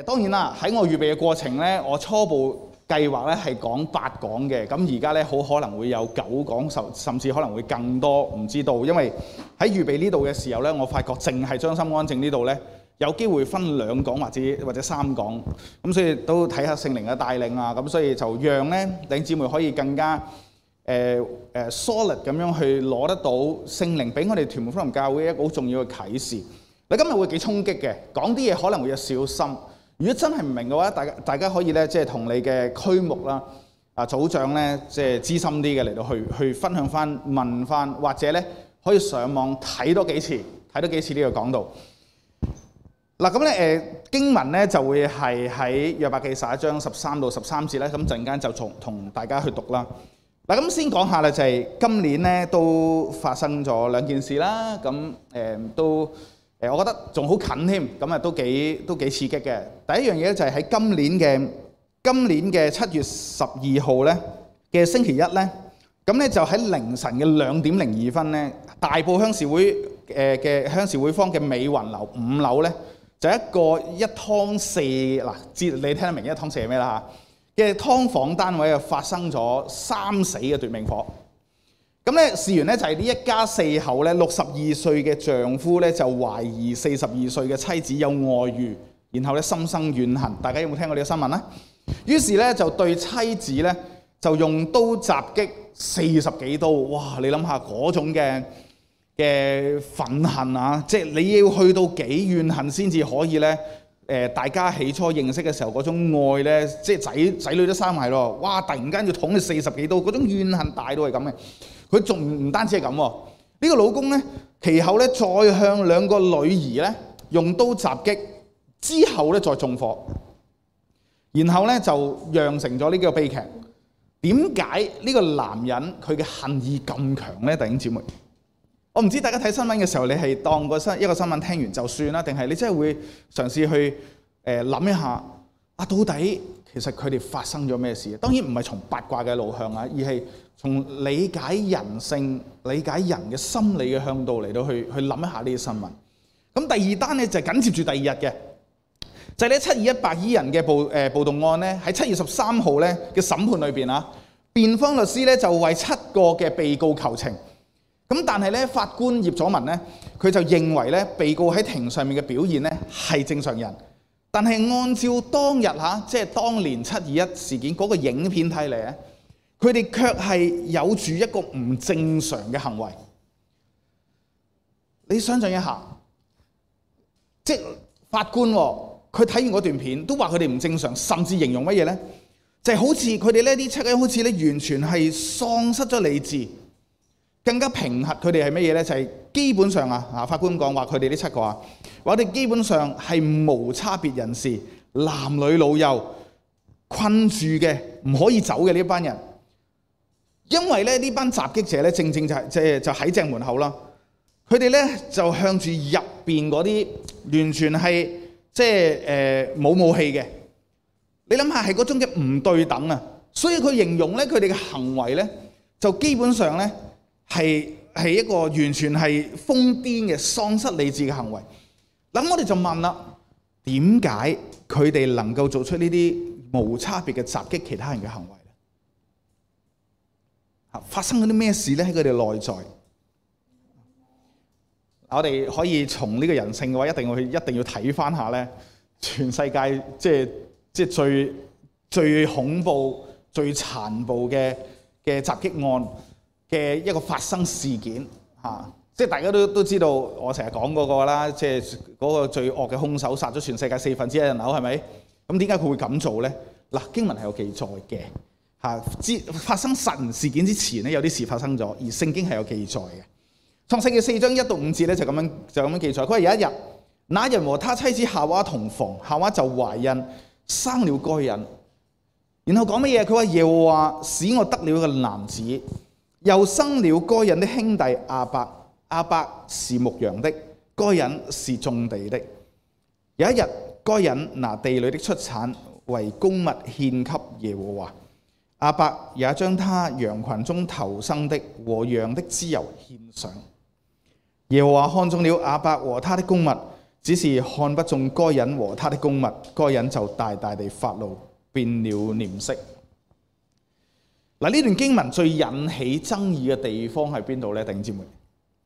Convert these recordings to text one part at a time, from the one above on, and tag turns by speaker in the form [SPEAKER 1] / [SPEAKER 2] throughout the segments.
[SPEAKER 1] 誒，當然啦，喺我預備嘅過程咧，我初步計劃咧係講八講嘅，咁而家咧好可能會有九講，甚甚至可能會更多，唔知道，因為喺預備呢度嘅時候咧，我發覺淨係將心安正呢度咧，有機會分兩講或者或者三講，咁所以都睇下聖靈嘅帶領啊，咁所以就讓咧弟兄姊妹可以更加誒誒 solid 咁樣去攞得到聖靈，俾我哋屯門福音教會一個好重要嘅啟示。嗱，今日會幾衝擊嘅，講啲嘢可能會有小心。如果真係唔明嘅話，大家大家可以咧，即係同你嘅區目啦、啊組長咧，即係資深啲嘅嚟到去去分享翻、問翻，或者咧可以上網睇多幾次，睇多幾次呢個講道。嗱咁咧，誒經文咧就會係喺約伯記十一章十三到十三節咧，咁陣間就同同大家去讀啦。嗱咁先講下咧，就係今年咧都發生咗兩件事啦，咁誒都誒，我覺得仲好近添，咁啊都幾都幾刺激嘅。第一樣嘢就係喺今年嘅今年嘅七月十二號呢嘅星期一呢，咁呢就喺凌晨嘅兩點零二分呢，大埔鄉事會誒嘅、呃、鄉事會方嘅美雲樓五樓呢，就一個一湯四嗱，知你聽得明一湯四係咩啦嚇，嘅劏房單位啊，發生咗三死嘅奪命火。咁呢事源呢，就係呢一家四口呢六十二歲嘅丈夫呢，就懷疑四十二歲嘅妻子有外遇。然後咧，心生怨恨，大家有冇聽過呢個新聞咧？於是咧，就對妻子咧，就用刀襲擊四十幾刀。哇！你諗下嗰種嘅嘅憤恨啊！即係你要去到幾怨恨先至可以咧？誒，大家起初認識嘅時候嗰種愛咧，即係仔仔女都生埋咯。哇！突然間要捅你四十幾刀，嗰種怨恨大到係咁嘅。佢仲唔單止係咁喎。呢個老公咧，其後咧再向兩個女兒咧用刀襲擊。之後咧，再縱火，然後咧就釀成咗呢個悲劇。點解呢個男人佢嘅恨意咁強呢？弟兄姊妹，我唔知大家睇新聞嘅時候，你係當個新一個新聞聽完就算啦，定係你真係會嘗試去誒諗、呃、一下啊？到底其實佢哋發生咗咩事？當然唔係從八卦嘅路向啊，而係從理解人性、理解人嘅心理嘅向度嚟到去去諗一下呢啲新聞。咁第二單呢，就緊、是、接住第二日嘅。就係呢七二一白衣人嘅暴誒暴動案咧，喺七月十三號咧嘅審判裏邊啊，辯方律師咧就為七個嘅被告求情。咁但係咧，法官葉佐文咧，佢就認為咧被告喺庭上面嘅表現咧係正常人。但係按照當日吓，即係當年七二一事件嗰個影片睇嚟咧，佢哋卻係有住一個唔正常嘅行為。你想象一下，即法官喎。佢睇完嗰段片，都話，佢哋唔正常，甚至形容乜嘢咧？就係好似佢哋呢啲七個好似咧完全係喪失咗理智，更加評核佢哋係乜嘢咧？就係基本上啊，啊法官講話，佢哋呢七個啊，話我哋基本上係無差別人士，男女老幼困住嘅，唔可以走嘅呢班人，因為咧呢班襲擊者咧正正就係即係就喺正門口啦，佢哋咧就向住入邊嗰啲完全係。即係誒冇武器嘅，你諗下係嗰種嘅唔對等啊！所以佢形容咧，佢哋嘅行為咧，就基本上咧係係一個完全係瘋癲嘅喪失理智嘅行為。咁我哋就問啦：點解佢哋能夠做出呢啲無差別嘅襲擊其他人嘅行為咧？嚇！發生咗啲咩事咧？喺佢哋內在。我哋可以從呢個人性嘅話，一定要一定要睇翻下咧，全世界即係即係最最恐怖、最殘暴嘅嘅襲擊案嘅一個發生事件嚇、啊，即係大家都都知道，我成日講嗰個啦，即係嗰、那個最惡嘅兇手殺咗全世界四分之一人口，係咪？咁點解佢會咁做咧？嗱、啊，經文係有記載嘅嚇，之、啊、發生神事件之前咧，有啲事發生咗，而聖經係有記載嘅。創世記四章一到五節咧就咁樣就咁樣記載。佢話有一日，那人和他妻子夏娃同房，夏娃就懷孕，生了該人。然後講乜嘢？佢話耶和華使我得了個男子，又生了該人的兄弟亞伯。亞伯是牧羊的，該人是種地的。有一日，該人拿地裡的出產為供物獻給耶和華，亞伯也將他羊群中頭生的和羊的脂油獻上。耶和華看中了亞伯和他的供物，只是看不中該隱和他的供物，該隱就大大地發怒，變了臉色。嗱，呢段經文最引起爭議嘅地方係邊度呢？弟兄姊妹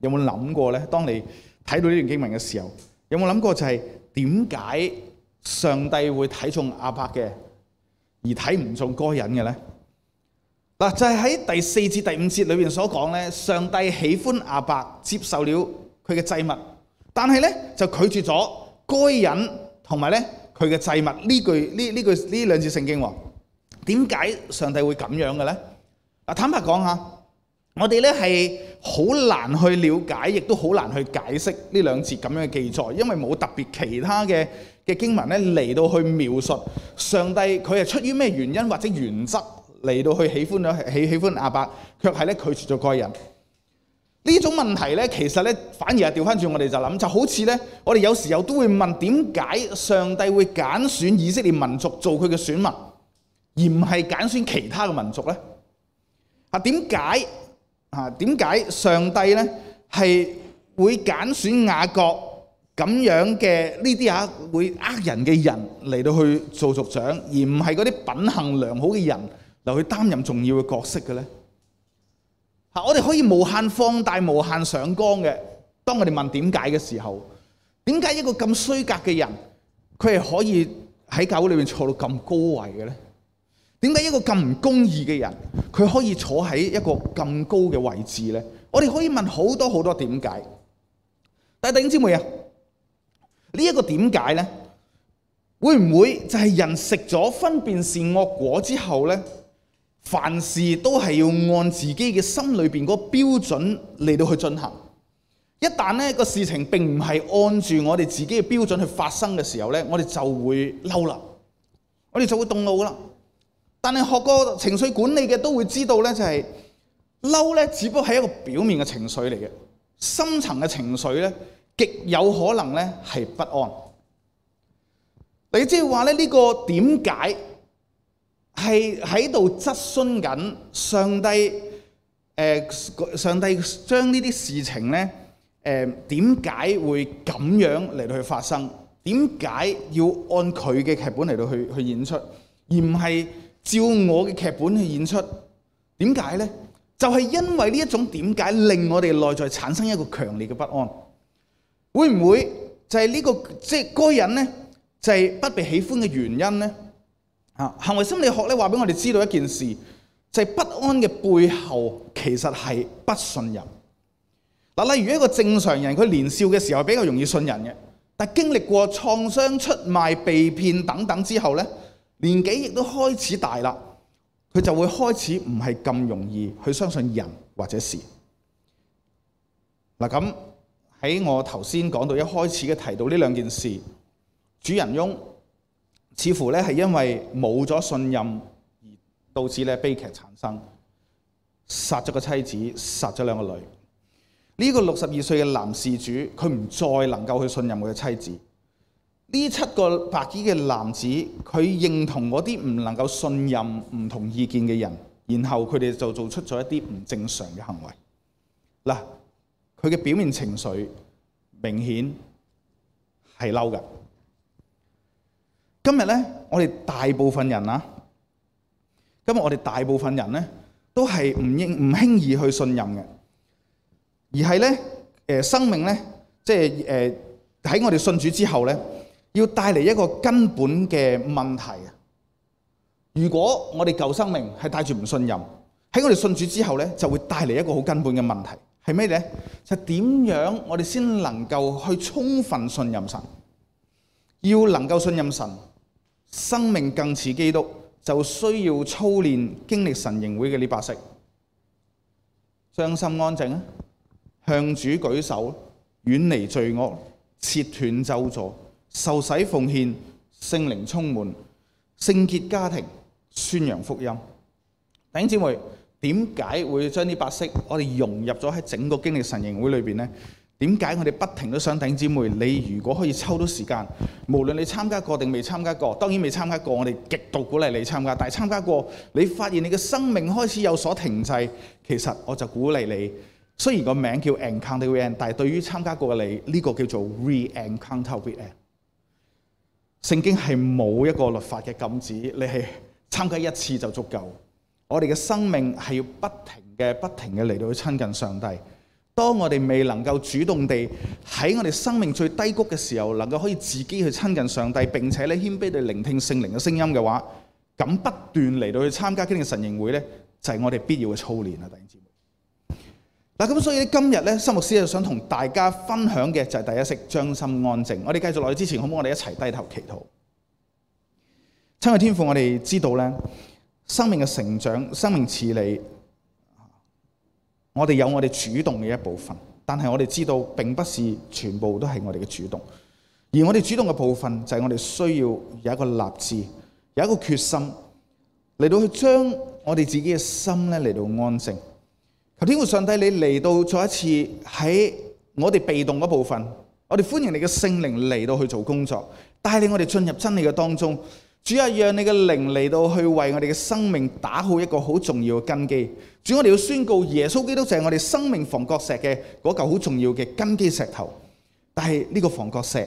[SPEAKER 1] 有冇諗過呢？當你睇到呢段經文嘅時候，有冇諗過就係點解上帝會睇中亞伯嘅，而睇唔中該隱嘅呢？嗱，就係、是、喺第四節第五節裏面所講咧，上帝喜歡亞伯，接受了佢嘅祭物，但係咧就拒絕咗該人同埋咧佢嘅祭物。呢句呢呢句呢兩節聖經，點解上帝會咁樣嘅咧？啊，坦白講下我哋咧係好難去了解，亦都好難去解釋呢兩節咁樣嘅記載，因為冇特別其他嘅嘅經文咧嚟到去描述上帝佢係出於咩原因或者原則。嚟到去喜歡咧，喜喜歡阿伯，卻係咧拒絕咗個人。呢種問題咧，其實咧反而係掉返轉，我哋就諗就好似咧，我哋有時候都會問點解上帝會揀選以色列民族做佢嘅選民，而唔係揀選其他嘅民族咧？啊點解？啊點解上帝咧係會揀選雅各咁樣嘅呢啲啊會呃人嘅人嚟到去做族長，而唔係嗰啲品行良好嘅人？留去擔任重要嘅角色嘅咧，吓，我哋可以無限放大、無限上光嘅。當我哋問點解嘅時候，點解一個咁衰格嘅人，佢係可以喺教會裡面坐到咁高位嘅咧？點解一個咁唔公義嘅人，佢可以坐喺一個咁高嘅位置咧？我哋可以問好多好多點解。但係弟兄姐妹啊，這個、為什麼呢一個點解咧？會唔會就係人食咗分辨善惡果之後咧？凡事都係要按自己嘅心裏邊個標準嚟到去進行，一旦呢個事情並唔係按住我哋自己嘅標準去發生嘅時候呢，我哋就會嬲啦，我哋就會動怒噶啦。但係學過情緒管理嘅都會知道呢，就係嬲呢，只不過係一個表面嘅情緒嚟嘅，深層嘅情緒呢，極有可能呢係不安。你即係話呢，呢個點解？係喺度質詢緊上帝，誒、呃、上帝將呢啲事情咧，誒點解會咁樣嚟到去發生？點解要按佢嘅劇本嚟到去去演出，而唔係照我嘅劇本去演出？點解咧？就係、是、因為呢一種點解令我哋內在產生一個強烈嘅不安。會唔會就係呢、這個即係該人咧，就係、是就是、不被喜歡嘅原因咧？行為心理學咧話俾我哋知道一件事，就係、是、不安嘅背後其實係不信任。嗱，例如一個正常人，佢年少嘅時候比較容易信人嘅，但經經歷過創傷、出賣、被騙等等之後咧，年紀亦都開始大啦，佢就會開始唔係咁容易去相信人或者事。嗱，咁喺我頭先講到一開始嘅提到呢兩件事，主人翁。似乎咧係因為冇咗信任而導致咧悲劇產生，殺咗個妻子，殺咗兩個女。呢個六十二歲嘅男事主，佢唔再能夠去信任佢嘅妻子。呢七個白衣嘅男子，佢認同嗰啲唔能夠信任、唔同意見嘅人，然後佢哋就做出咗一啲唔正常嘅行為。嗱，佢嘅表面情緒明顯係嬲㗎。今日咧，我哋大部分人啊，今日我哋大部分人咧，都係唔應唔輕易去信任嘅，而係咧，誒生命咧，即係誒喺我哋信主之後咧，要帶嚟一個根本嘅問題啊！如果我哋舊生命係帶住唔信任，喺我哋信主之後咧，就會帶嚟一個好根本嘅問題，係咩咧？就係點樣我哋先能夠去充分信任神？要能夠信任神？生命更似基督，就需要操練經歷神營會嘅呢八式。將心安正，向主舉手，遠離罪惡，切斷咒詛，受洗奉獻，聖靈充滿，聖潔家庭，宣揚福音。弟兄姊妹，點解會將呢八式我哋融入咗喺整個經歷神營會裏邊呢？點解我哋不停都想頂姊妹？你如果可以抽到時間，無論你參加過定未參加過，當然未參加過，我哋極度鼓勵你參加。但係參加過，你發現你嘅生命開始有所停滯，其實我就鼓勵你。雖然個名叫 encounter again，但係對於參加過嘅你，呢個叫做 re encounter again。聖經係冇一個律法嘅禁止，你係參加一次就足夠。我哋嘅生命係要不停嘅、不停嘅嚟到去親近上帝。當我哋未能夠主動地喺我哋生命最低谷嘅時候，能夠可以自己去親近上帝，並且咧謙卑地聆聽聖靈嘅聲音嘅話，咁不斷嚟到去參加今天嘅神營會咧，就係我哋必要嘅操練啦，弟兄姊妹。嗱，咁所以今日咧，申牧師就想同大家分享嘅就係第一式，將心安靜。我哋繼續落去之前，可唔可以我哋一齊低頭祈禱？親愛天父，我哋知道咧，生命嘅成長，生命賜理。我哋有我哋主動嘅一部分，但係我哋知道並不是全部都係我哋嘅主動。而我哋主動嘅部分就係我哋需要有一個立志，有一個決心，嚟到去將我哋自己嘅心咧嚟到安靜。求天父上帝，你嚟到再一次喺我哋被動嗰部分，我哋歡迎你嘅聖靈嚟到去做工作，帶領我哋進入真理嘅當中。主要，讓你嘅靈嚟到去為我哋嘅生命打好一個好重要嘅根基。主，我哋要宣告耶穌基督就係我哋生命房角石嘅嗰嚿好重要嘅根基石頭。但係呢個房角石，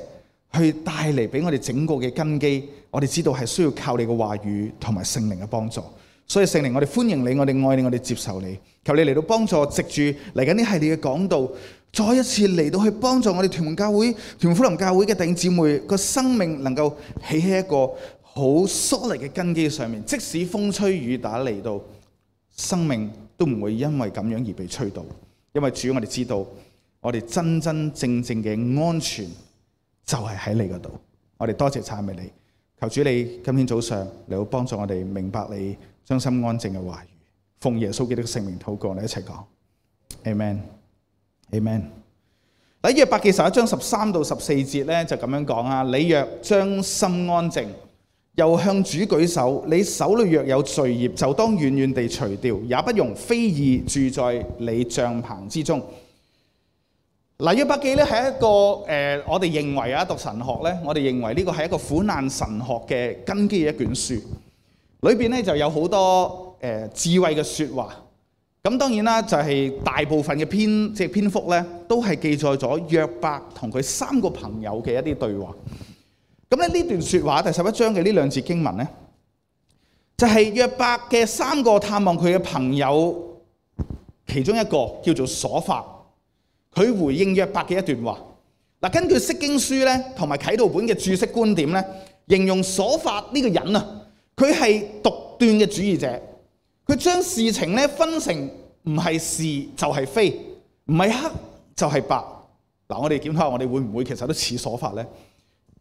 [SPEAKER 1] 去帶嚟俾我哋整個嘅根基，我哋知道係需要靠你嘅話語同埋聖靈嘅幫助。所以聖靈，我哋歡迎你，我哋愛你，我哋接受你。求你嚟到幫助，藉住嚟緊呢系列嘅講道，再一次嚟到去幫助我哋屯門教會、屯門富林教會嘅弟兄姊妹個生命能夠起起一個。好疏 o 嘅根基上面，即使風吹雨打嚟到，生命都唔會因為咁樣而被吹倒，因為主，我哋知道，我哋真真正正嘅安全就係喺你嗰度。我哋多謝神嘅你，求主你今天早上，你好幫助我哋明白你將心安靜嘅話語。奉耶穌基督嘅聖名禱告，我哋一齊講，Amen，Amen。喺約伯記十一章十三到十四節咧，就咁樣講啊，你若將心安靜。又向主舉手，你手裏若有罪孽，就當遠遠地除掉，也不容非義住在你帳棚之中。嗱，《約伯記》呢係一個誒、呃，我哋認為啊，讀神學呢，我哋認為呢個係一個苦難神學嘅根基嘅一卷書。裏邊呢就有好多誒、呃、智慧嘅說話。咁當然啦，就係、是、大部分嘅篇即係篇幅呢，都係記載咗約伯同佢三個朋友嘅一啲對話。咁咧呢段說話第十一章嘅呢兩節經文咧，就係約伯嘅三個探望佢嘅朋友，其中一個叫做所法。佢回應約伯嘅一段話。嗱，根據釋經書咧同埋啟導本嘅注釋觀點咧，形容所法呢個人啊，佢係獨斷嘅主義者，佢將事情咧分成唔係是就係非，唔係黑就係白。嗱，我哋檢下，我哋會唔會其實都似所法呢咧？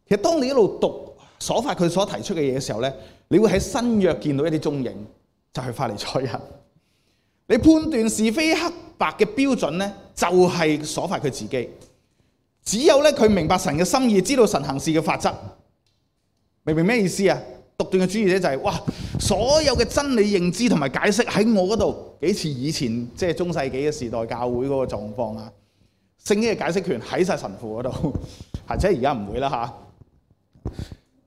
[SPEAKER 1] 其實當你一路讀所法佢所提出嘅嘢嘅時候咧，你會喺新約見到一啲蹤影，就係法利賽人。你判斷是非黑白嘅標準咧，就係所法佢自己。只有咧佢明白神嘅心意，知道神行事嘅法則，明唔明咩意思啊？獨斷嘅主義者就係、是、哇，所有嘅真理認知同埋解釋喺我嗰度，幾似以前即係中世紀嘅時代教會嗰個狀況啊！聖經嘅解釋權喺晒神父嗰度，吓即係而家唔會啦吓。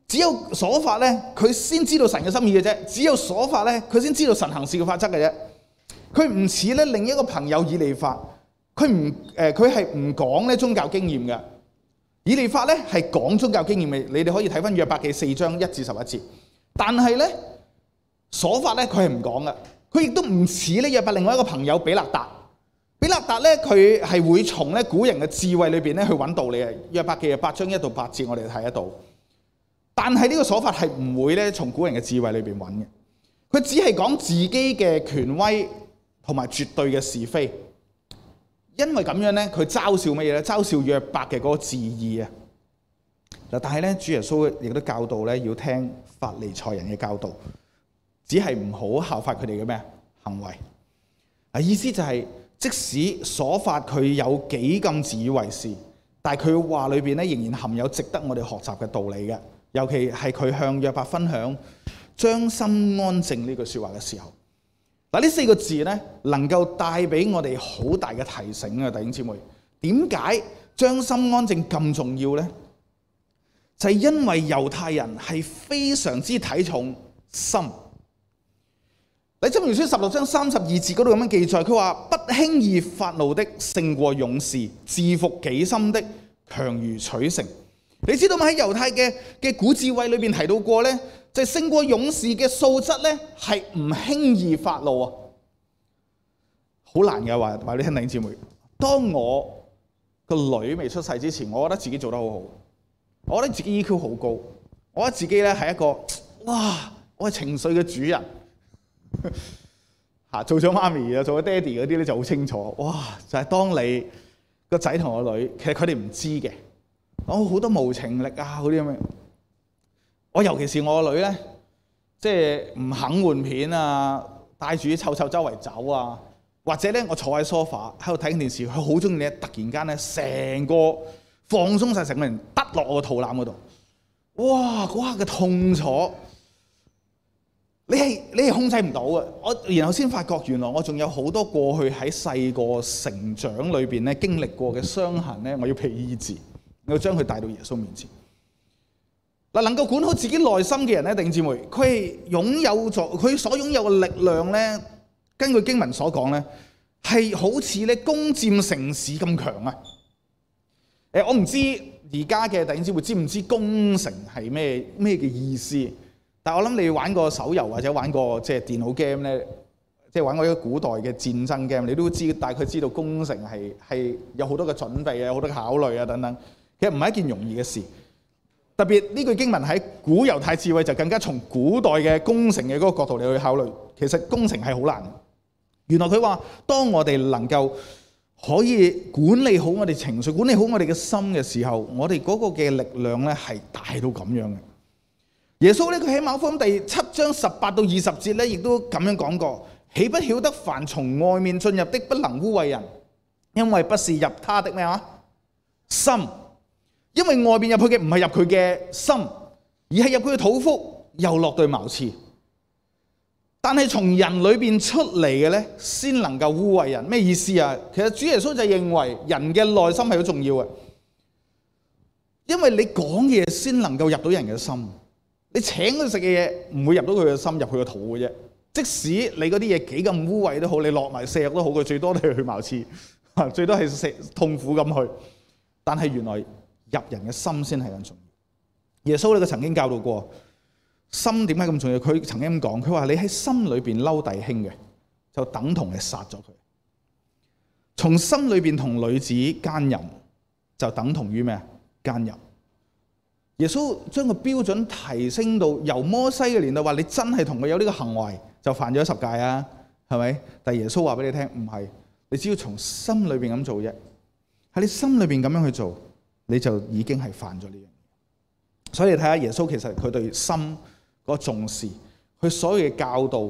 [SPEAKER 1] 只有所法咧，佢先知道神嘅心意嘅啫。只有所法咧，佢先知道神行事嘅法則嘅啫。佢唔似咧另一個朋友以利法，佢唔，誒，佢係唔講咧宗教經驗嘅。以利法咧係講宗教經驗嘅。你哋可以睇返約伯記四章一至十一節。但係咧所法咧佢係唔講嘅。佢亦都唔似咧約伯另外一個朋友比勒達。比勒達咧佢係會從咧古人嘅智慧裏邊咧去揾道理嘅。約伯記八章一到八節，我哋睇得到。但係呢個瑣法係唔會咧，從古人嘅智慧裏邊揾嘅。佢只係講自己嘅權威同埋絕對嘅是非，因為咁樣呢，佢嘲笑乜嘢咧？嘲笑約伯嘅嗰個自義啊嗱。但係呢，主耶穌亦都教導呢，要聽法利賽人嘅教導，只係唔好效法佢哋嘅咩行為啊。意思就係，即使瑣法佢有幾咁自以為是，但係佢話裏邊呢，仍然含有值得我哋學習嘅道理嘅。尤其係佢向約伯分享將心安靜呢句説話嘅時候，嗱，呢四個字呢，能夠帶俾我哋好大嘅提醒啊！弟兄姊妹，點解將心安靜咁重要呢？就係、是、因為猶太人係非常之睇重心。喺《箴言書》十六章三十二節嗰度有咁樣記載，佢話：不輕易發怒的勝過勇士，治服己心的強如取城。你知道嘛，喺猶太嘅嘅古智慧裏面提到過咧，就係勝過勇士嘅素質咧，係唔輕易發怒啊！好難嘅話，同埋你聽弟兄姊妹。當我個女未出世之前，我覺得自己做得好好，我覺得自己 EQ 好高，我覺得自己咧係一個哇，我係情緒嘅主人吓。做咗媽咪啊，做咗爹哋嗰啲咧就好清楚。哇！就係當你個仔同個女，其實佢哋唔知嘅。我好多無情力啊！嗰啲咁我尤其是我個女咧，即係唔肯換片啊，帶住啲臭臭周圍走啊，或者咧我坐喺 sofa 喺度睇緊電視，佢好中意咧，突然間咧成個放鬆晒成個人，得落我個肚腩嗰度，哇！嗰下嘅痛楚，你係你係控制唔到嘅。我然後先發覺原來我仲有好多過去喺細個成長裏邊咧經歷過嘅傷痕咧，我要被醫治。要將佢帶到耶穌面前。嗱，能夠管好自己內心嘅人咧，弟兄姊妹佢擁有咗佢所擁有嘅力量咧。根據經文所講咧，係好似咧攻佔城市咁強啊！誒，我唔知而家嘅弟兄姊妹知唔知攻城係咩咩嘅意思？但係我諗你玩過手遊或者玩過即係電腦 game 咧，即係玩過一啲古代嘅戰爭 game，你都知，大概知道攻城係係有好多嘅準備啊，好多嘅考慮啊等等。其實唔係一件容易嘅事，特別呢句經文喺古猶太智慧就更加從古代嘅工程嘅嗰個角度嚟去考慮，其實工程係好難。原來佢話，當我哋能夠可以管理好我哋情緒、管理好我哋嘅心嘅時候，我哋嗰個嘅力量咧係大到咁樣嘅。耶穌咧，佢喺馬可福音第七章十八到二十節咧，亦都咁樣講過：豈不曉得凡從外面進入的，不能污穢人，因為不是入他的咩啊？心。因為外邊入去嘅唔係入佢嘅心，而係入佢嘅肚腹，又落對茅廁。但係從人裏邊出嚟嘅咧，先能夠污穢人。咩意思啊？其實主耶穌就認為人嘅內心係好重要嘅，因為你講嘢先能夠入到人嘅心，你請佢食嘅嘢唔會入到佢嘅心，入佢嘅肚嘅啫。即使你嗰啲嘢幾咁污穢都好，你落埋石都好，佢最多都係去茅廁，最多係痛苦咁去。但係原來。入人嘅心先係很重要。耶穌你都曾經教導過，心點解咁重要？佢曾經講，佢話你喺心裏邊嬲弟兄嘅，就等同你殺咗佢。從心裏邊同女子奸淫，就等同於咩？奸淫。耶穌將個標準提升到由摩西嘅年代話，你真係同佢有呢個行為就犯咗十戒啊？係咪？但耶穌話俾你聽，唔係你只要從心裏邊咁做啫，喺你心裏邊咁樣去做，你就已經係犯咗呢樣嘢，所以你睇下耶穌其實佢對心嗰個重視，佢所有嘅教導，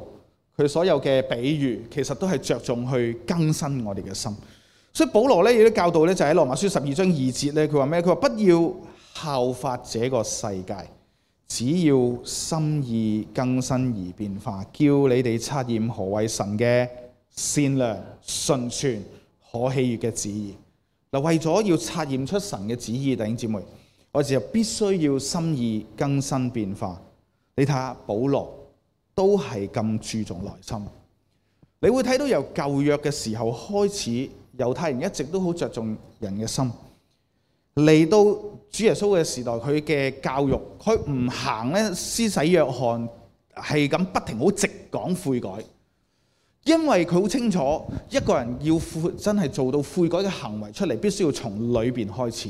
[SPEAKER 1] 佢所有嘅比喻，其實都係着重去更新我哋嘅心。所以保羅咧亦都教導咧就喺羅馬書十二章二節咧，佢話咩？佢話不要效法這個世界，只要心意更新而變化，叫你哋察驗何為神嘅善良、純全、可喜悅嘅旨意。為咗要察驗出神嘅旨意，弟兄姐妹，我哋就必須要心意更新變化。你睇下，保羅都係咁注重內心。你會睇到由舊約嘅時候開始，猶太人一直都好着重人嘅心。嚟到主耶穌嘅時代，佢嘅教育，佢唔行呢，施洗約翰係咁不停好直講悔改。因為佢好清楚，一個人要悔真係做到悔改嘅行為出嚟，必須要從裏面開始。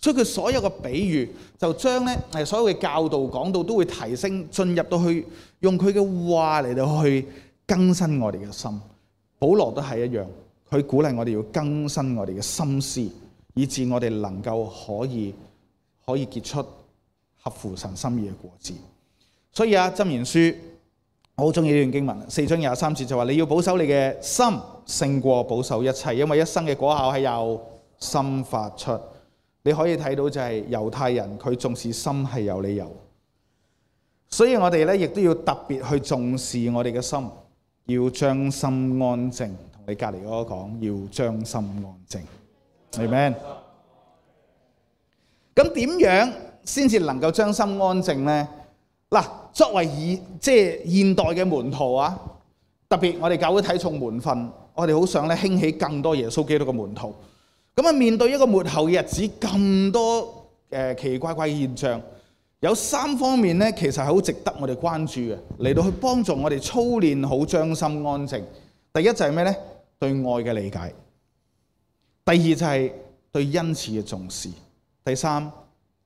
[SPEAKER 1] 所以佢所有嘅比喻，就將所有嘅教導講到都會提升，進入到去用佢嘅話嚟到去更新我哋嘅心。保羅都係一樣，佢鼓勵我哋要更新我哋嘅心思，以致我哋能夠可以可以結出合乎神心意嘅果子。所以啊，箴言書。我好中意呢段經文，四章廿三節就話你要保守你嘅心勝過保守一切，因為一生嘅果效係由心發出。你可以睇到就係猶太人佢重視心係有理由，所以我哋咧亦都要特別去重視我哋嘅心，要將心安正。同你隔籬嗰個講，要將心安正。Amen？咁點樣先至能夠將心安正呢？嗱，作為以即係現代嘅門徒啊，特別我哋教會睇重門訓，我哋好想咧興起更多耶穌基督嘅門徒。咁啊面對一個末後嘅日子，咁多誒、呃、奇奇怪怪嘅現象，有三方面咧，其實係好值得我哋關注嘅，嚟到去幫助我哋操練好將心安靜。第一就係咩咧？對愛嘅理解。第二就係對恩慈嘅重視。第三。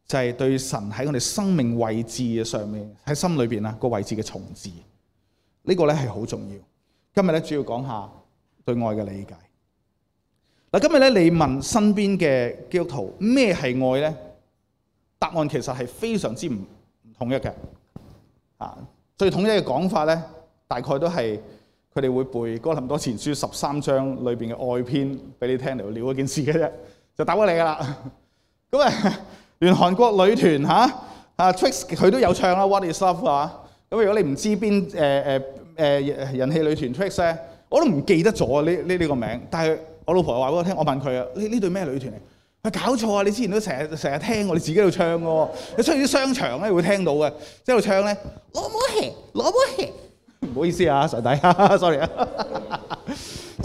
[SPEAKER 1] 就係對神喺我哋生命位置嘅上面，喺心裏邊啊個位置嘅重置，呢個咧係好重要。今日咧，主要講下對愛嘅理解嗱。今日咧，你問身邊嘅基督徒，咩係愛咧？答案其實係非常之唔唔統一嘅啊。最統一嘅講法咧，大概都係佢哋會背哥林多前書十三章裏邊嘅愛篇俾你聽嚟，聊一件事嘅啫，就答咗你噶啦咁啊。連韓國女團吓啊 TWICE 佢都有唱啦，What is Love 啊咁。如果你唔知邊誒誒誒人氣女團 TWICE 咧，TWICE，我都唔記得咗呢呢呢個名。但係我老婆又話俾我聽，我問佢啊，呢呢對咩女團嚟？佢搞錯啊！你之前都成日成日聽我哋自己度唱㗎喎。你出去啲商場咧會聽到嘅，即係唱咧，攞武器，攞武器。唔好意思啊，上帝 sorry 啊。哈哈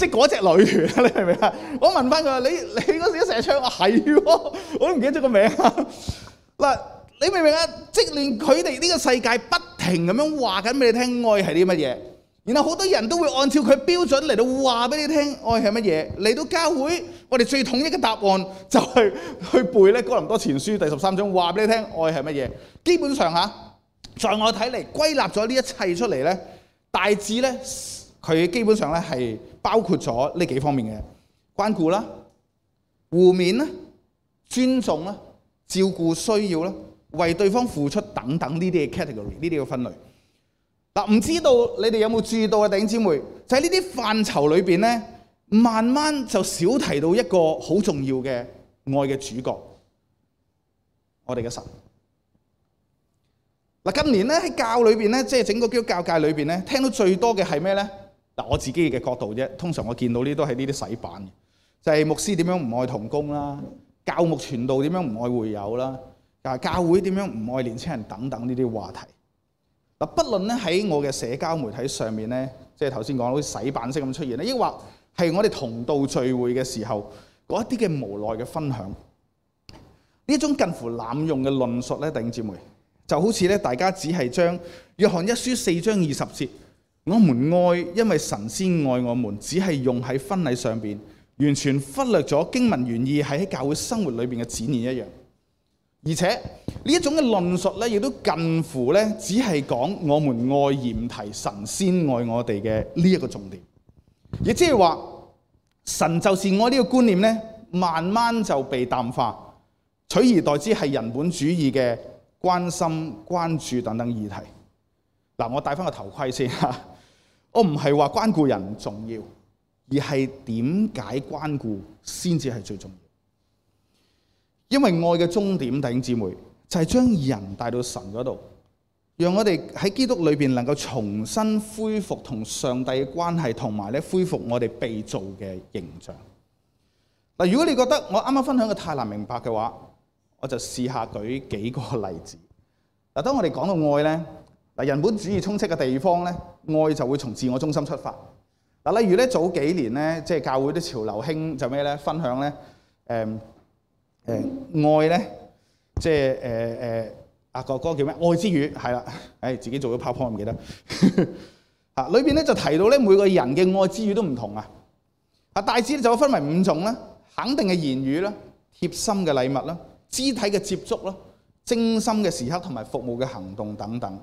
[SPEAKER 1] 即嗰隻女團啊，你明唔明啊？我問翻佢：你你嗰時成日唱，我係，我都唔記得咗個名，嗱，你明唔明啊？即係連佢哋呢個世界不停咁樣話緊俾你聽，愛係啲乜嘢？然後好多人都會按照佢標準嚟到話俾你聽，愛係乜嘢？嚟到教會，我哋最統一嘅答案就係去背咧《哥林多前書》第十三章，話俾你聽，愛係乜嘢？基本上嚇，在我睇嚟，歸納咗呢一切出嚟咧，大致咧。佢基本上咧係包括咗呢幾方面嘅關顧啦、互勉啦、尊重啦、照顧需要啦、為對方付出等等呢啲嘅 category 呢啲嘅分類。嗱，唔知道你哋有冇注意到啊，弟兄姊妹？就喺呢啲範疇裏邊咧，慢慢就少提到一個好重要嘅愛嘅主角，我哋嘅神。嗱，今年咧喺教裏邊咧，即係整個基督教界裏邊咧，聽到最多嘅係咩咧？我自己嘅角度啫。通常我見到呢都係呢啲洗版嘅，就係、是、牧師點樣唔愛同工啦，教牧傳道點樣唔愛會友啦，啊，教會點樣唔愛年青人等等呢啲話題。嗱，不論咧喺我嘅社交媒體上面呢，即係頭先講啲洗版式咁出現咧，抑或係我哋同道聚會嘅時候嗰一啲嘅無奈嘅分享，呢一種近乎濫用嘅論述咧，弟兄姊妹，就好似呢大家只係將約翰一書四章二十節。我們愛，因為神先愛我們，只係用喺婚禮上邊，完全忽略咗經文原意喺喺教會生活裏邊嘅展現一樣。而且呢一種嘅論述咧，亦都近乎咧，只係講我們愛而唔提神先愛我哋嘅呢一個重點。亦即係話，神就是愛呢個觀念咧，慢慢就被淡化，取而代之係人本主義嘅關心、關注等等議題。嗱，我戴翻個頭盔先。我唔係話關顧人重要，而係點解關顧先至係最重要？因為愛嘅終點，弟兄姊妹，就係將人帶到神嗰度，讓我哋喺基督裏面能夠重新恢復同上帝嘅關係，同埋咧恢復我哋被造嘅形象。嗱，如果你覺得我啱啱分享嘅太難明白嘅話，我就試下舉幾個例子。嗱，當我哋講到愛呢。人本主義充斥嘅地方咧，愛就會從自我中心出發。嗱，例如咧早幾年咧，即係教會啲潮流興就咩咧？分享咧，誒、嗯、誒、嗯、愛咧，即係誒誒啊個歌叫咩？愛之語係啦，誒、哎、自己做咗 powerpoint 唔記得啊。裏邊咧就提到咧，每個人嘅愛之語都唔同啊。啊，大致就分為五種啦，肯定嘅言語啦、貼心嘅禮物啦、肢體嘅接觸啦、精心嘅時刻同埋服務嘅行動等等。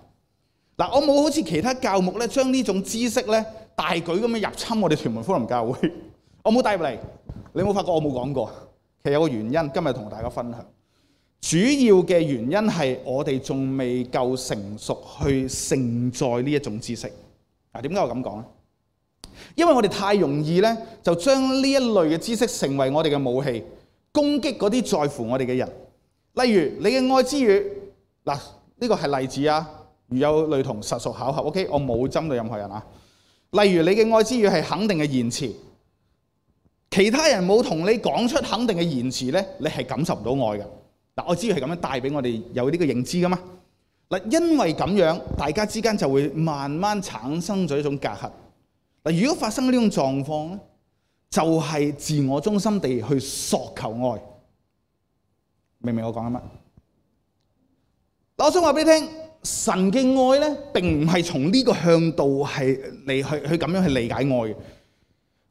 [SPEAKER 1] 嗱，我冇好似其他教牧咧，將呢種知識咧大舉咁樣入侵我哋屯門福林教會，我冇帶入嚟。你冇發覺我冇講過？其實有個原因，今日同大家分享。主要嘅原因係我哋仲未夠成熟去承載呢一種知識。啊，點解我咁講咧？因為我哋太容易咧，就將呢一類嘅知識成為我哋嘅武器，攻擊嗰啲在乎我哋嘅人。例如你嘅愛之語，嗱呢個係例子啊。如有類同實屬巧合，OK，我冇針對任何人啊。例如你嘅愛之語係肯定嘅言辭，其他人冇同你講出肯定嘅言辭咧，你係感受唔到愛嘅。嗱，我知道係咁樣帶俾我哋有呢個認知噶嘛。嗱，因為咁樣，大家之間就會慢慢產生咗一種隔閡。嗱，如果發生呢種狀況咧，就係、是、自我中心地去索求愛。明唔明我講緊乜？我想話俾你聽神嘅愛呢，並唔係從呢個向度係嚟，去去咁樣去理解愛。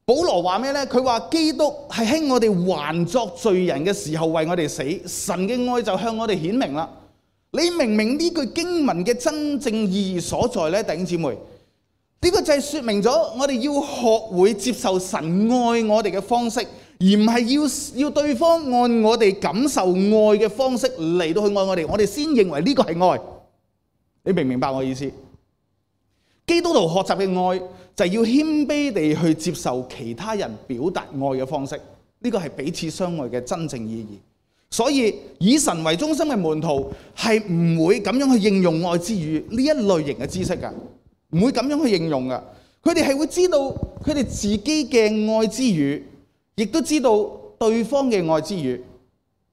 [SPEAKER 1] 保羅話咩呢？佢話基督係喺我哋還作罪人嘅時候為我哋死，神嘅愛就向我哋顯明啦。你明唔明呢句經文嘅真正意義所在呢？弟兄姊妹，呢個就係說明咗我哋要學會接受神愛我哋嘅方式，而唔係要要對方按我哋感受愛嘅方式嚟到去愛我哋，我哋先認為呢個係愛。你明唔明白我意思？基督徒學習嘅愛就係要謙卑地去接受其他人表達愛嘅方式，呢個係彼此相愛嘅真正意義。所以以神為中心嘅門徒係唔會咁樣去應用愛之語呢一類型嘅知識㗎，唔會咁樣去應用㗎。佢哋係會知道佢哋自己嘅愛之語，亦都知道對方嘅愛之語。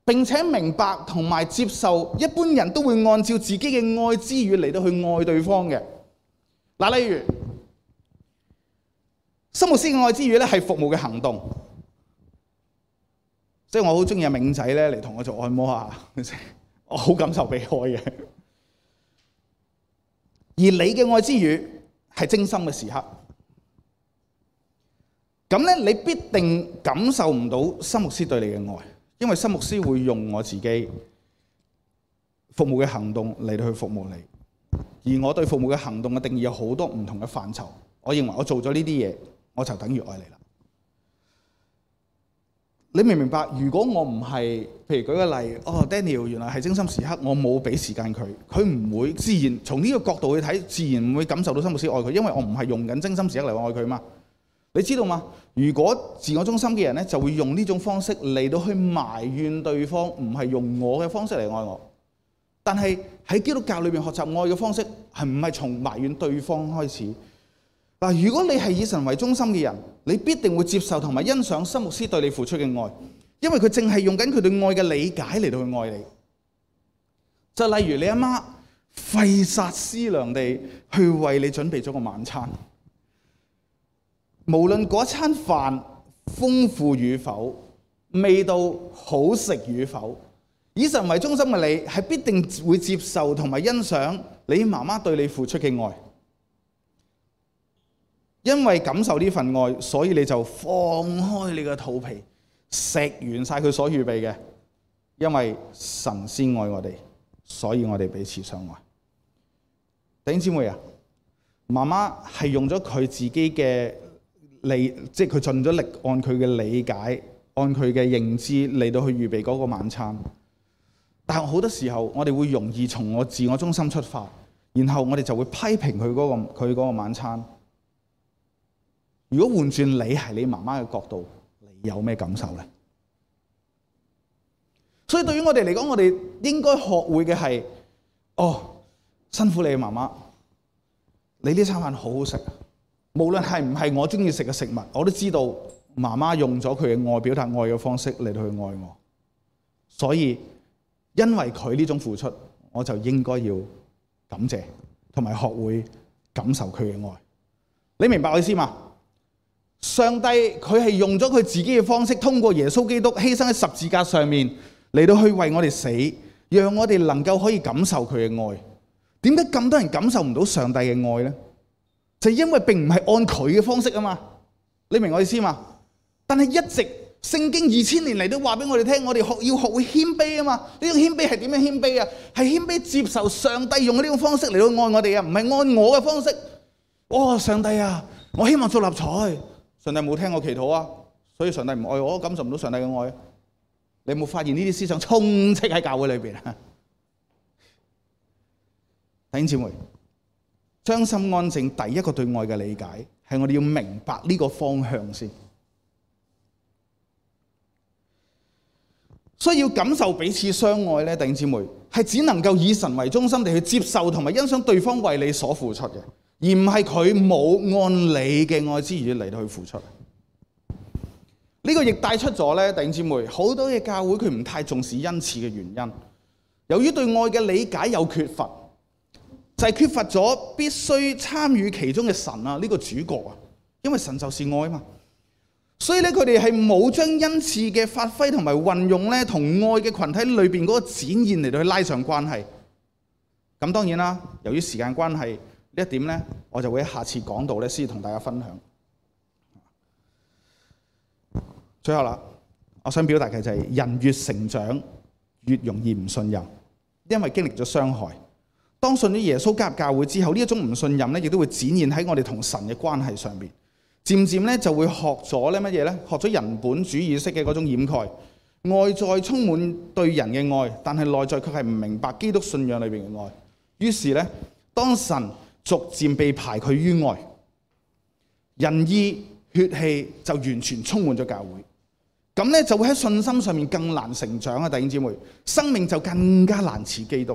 [SPEAKER 1] 並且明白同埋接受，一般人都會按照自己嘅愛之語嚟到去愛對方嘅。例如蘇牧師嘅愛之語係服務嘅行動。我好中意阿敏仔咧嚟同我做按摩下，我好感受被愛嘅。而你嘅愛之語係精心嘅時刻，咁你必定感受唔到蘇牧師對你嘅愛。因為新牧師會用我自己服務嘅行動嚟到去服務你，而我對服務嘅行動嘅定義有好多唔同嘅範疇。我認為我做咗呢啲嘢，我就等於愛你啦。你明唔明白嗎？如果我唔係，譬如舉個例，哦，Daniel 原來係精心時刻，我冇俾時間佢，佢唔會自然從呢個角度去睇，自然唔會感受到新牧師愛佢，因為我唔係用緊精心時刻嚟愛佢嘛。你知道嘛？如果自我中心嘅人呢，就會用呢種方式嚟到去埋怨對方，唔係用我嘅方式嚟愛我。但係喺基督教裏邊學習愛嘅方式，係唔係從埋怨對方開始？嗱，如果你係以神為中心嘅人，你必定會接受同埋欣賞申牧師對你付出嘅愛，因為佢淨係用緊佢對愛嘅理解嚟到去愛你。就例如你阿媽費煞思量地去為你準備咗個晚餐。無論嗰餐飯豐富與否，味道好食與否，以神為中心嘅你係必定會接受同埋欣賞你媽媽對你付出嘅愛，因為感受呢份愛，所以你就放開你個肚皮，食完晒佢所預備嘅。因為神先愛我哋，所以我哋彼此相愛。弟兄姊妹啊，媽媽係用咗佢自己嘅。理即係佢盡咗力，按佢嘅理解，按佢嘅認知嚟到去預備嗰個晚餐。但係好多時候，我哋會容易從我自我中心出發，然後我哋就會批評佢嗰個佢嗰個晚餐。如果換轉你係你媽媽嘅角度，你有咩感受呢？所以對於我哋嚟講，我哋應該學會嘅係：哦，辛苦你媽媽，你呢餐飯好好食。.無論係唔係我中意食嘅食物，我都知道媽媽用咗佢嘅愛表達愛嘅方式嚟到去愛我，所以因為佢呢種付出，我就應該要感謝，同埋學會感受佢嘅愛。你明白我意思嘛？上帝佢係用咗佢自己嘅方式，通過耶穌基督犧牲喺十字架上面嚟到去為我哋死，讓我哋能夠可以感受佢嘅愛。點解咁多人感受唔到上帝嘅愛呢？就因為並唔係按佢嘅方式啊嘛，你明我意思嘛？但係一直聖經二千年嚟都話俾我哋聽，我哋學要學會謙卑啊嘛。呢種謙卑係點樣謙卑啊？係謙卑接受上帝用呢種方式嚟到愛我哋啊，唔係按我嘅方式。哦，上帝啊，我希望做立彩，上帝冇聽我祈禱啊，所以上帝唔愛我，感受唔到上帝嘅愛。你冇發現呢啲思想充斥喺教會裏邊啊？弟兄姊妹。將心安正，第一個對愛嘅理解係我哋要明白呢個方向先，所以要感受彼此相愛呢，弟兄姊妹係只能夠以神為中心地去接受同埋欣賞對方為你所付出嘅，而唔係佢冇按你嘅愛之而嚟到去付出。呢、這個亦帶出咗呢弟兄姊妹好多嘅教會佢唔太重視恩賜嘅原因，由於對愛嘅理解有缺乏。就係、是、缺乏咗必須參與其中嘅神啊，呢、這個主角啊，因為神就是愛啊嘛。所以咧，佢哋係冇將恩賜嘅發揮同埋運用咧，同愛嘅群體裏邊嗰個展現嚟到去拉上關係。咁當然啦，由於時間關係，呢一點咧，我就會下次講到咧，先同大家分享。最後啦，我想表達嘅就係、是、人越成長，越容易唔信任，因為經歷咗傷害。當信咗耶穌加入教會之後，呢一種唔信任咧，亦都會展現喺我哋同神嘅關係上面。漸漸呢，就會學咗呢乜嘢呢？學咗人本主義式嘅嗰種掩蓋，外在充滿對人嘅愛，但係內在卻係唔明白基督信仰裏邊嘅愛。於是呢，當神逐漸被排拒於外，人意血氣就完全充滿咗教會。咁呢，就會喺信心上面更難成長啊！弟兄姊妹，生命就更加難持基督。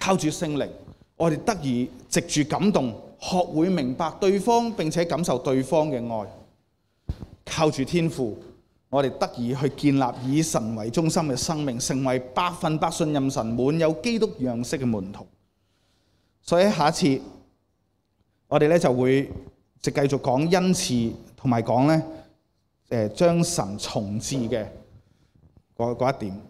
[SPEAKER 1] 靠住聖靈，我哋得以藉住感動，學會明白對方並且感受對方嘅愛。靠住天父，我哋得以去建立以神為中心嘅生命，成為百分百信任神、滿有基督樣式嘅門徒。所以下一次，我哋就會就繼續講恩慈同埋講咧將神重置嘅嗰一點。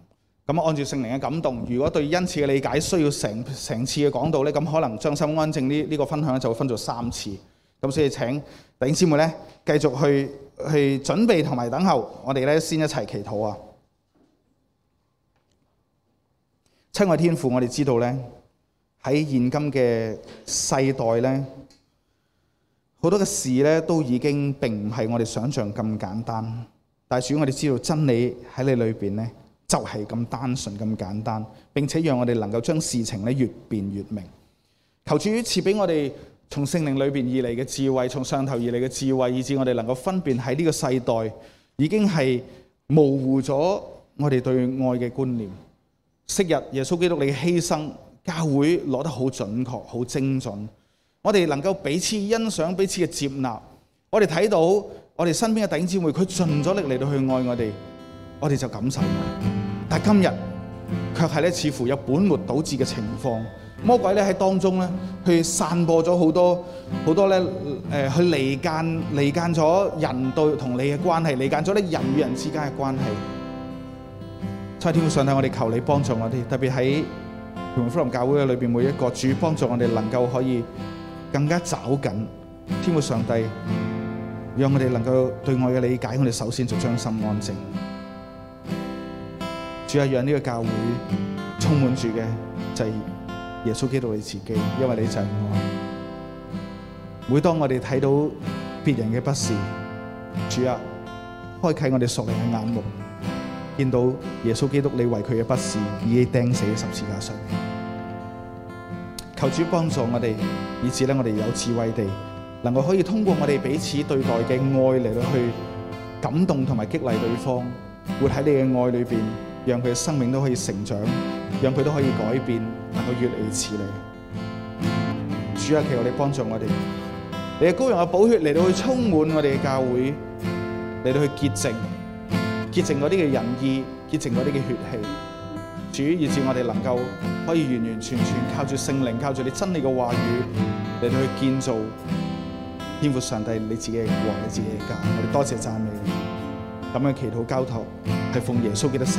[SPEAKER 1] 咁按照聖靈嘅感動，如果對恩賜嘅理解需要成成次嘅講道呢，咁可能將心安正呢呢個分享就會分做三次。咁所以請弟兄姊妹咧繼續去去準備同埋等候，我哋呢，先一齊祈禱啊！親愛天父，我哋知道呢，喺現今嘅世代呢，好多嘅事呢，都已經並唔係我哋想象咁簡單。但係只要我哋知道真理喺你裏邊呢。就係、是、咁單純咁簡單，並且讓我哋能夠將事情咧越變越明。求主賜俾我哋從聖靈裏面而來嘅智慧，從上頭而來嘅智慧，以至我哋能夠分辨喺呢個世代已經係模糊咗我哋對愛嘅觀念。昔日耶穌基督你嘅犧牲，教會攞得好準確、好精準，我哋能夠彼此欣賞彼此嘅接納，我哋睇到我哋身邊嘅弟兄姊妹，佢盡咗力嚟到去愛我哋，我哋就感受。但係今日卻係咧，似乎有本末倒置嘅情況。魔鬼咧喺當中咧，去散播咗好多好多咧，誒去離間離間咗人對同你嘅關係，離間咗咧人與人之間嘅關係。所以天父上帝，我哋求你幫助我哋，特別喺榮富福音教會嘅裏邊每一個主，幫助我哋能夠可以更加找緊天父上帝，讓我哋能夠對愛嘅理解，我哋首先就將心安正。主啊，讓呢個教會充滿住嘅就係耶穌基督你自己，因為你就係愛。每當我哋睇到別人嘅不是，主啊，開啟我哋屬靈嘅眼目，見到耶穌基督你為佢嘅不是已經釘死喺十字架上。求主幫助我哋，以致咧我哋有智慧地能夠可以通過我哋彼此對待嘅愛嚟到去感動同埋激勵對方，活喺你嘅愛裏邊。讓佢嘅生命都可以成長，讓佢都可以改變，能夠越嚟越似你。主啊，祈求你幫助我哋，你嘅羔羊嘅寶血嚟到去充滿我哋嘅教會，嚟到去潔淨，潔淨嗰啲嘅仁義，潔淨嗰啲嘅血氣。主，以致我哋能夠可以完完全全靠住聖靈，靠住你真理嘅話語嚟到去建造，獻給上帝你自己嘅國，你自己嘅家。我哋多謝讚美，咁樣祈禱交託，係奉耶穌基督聖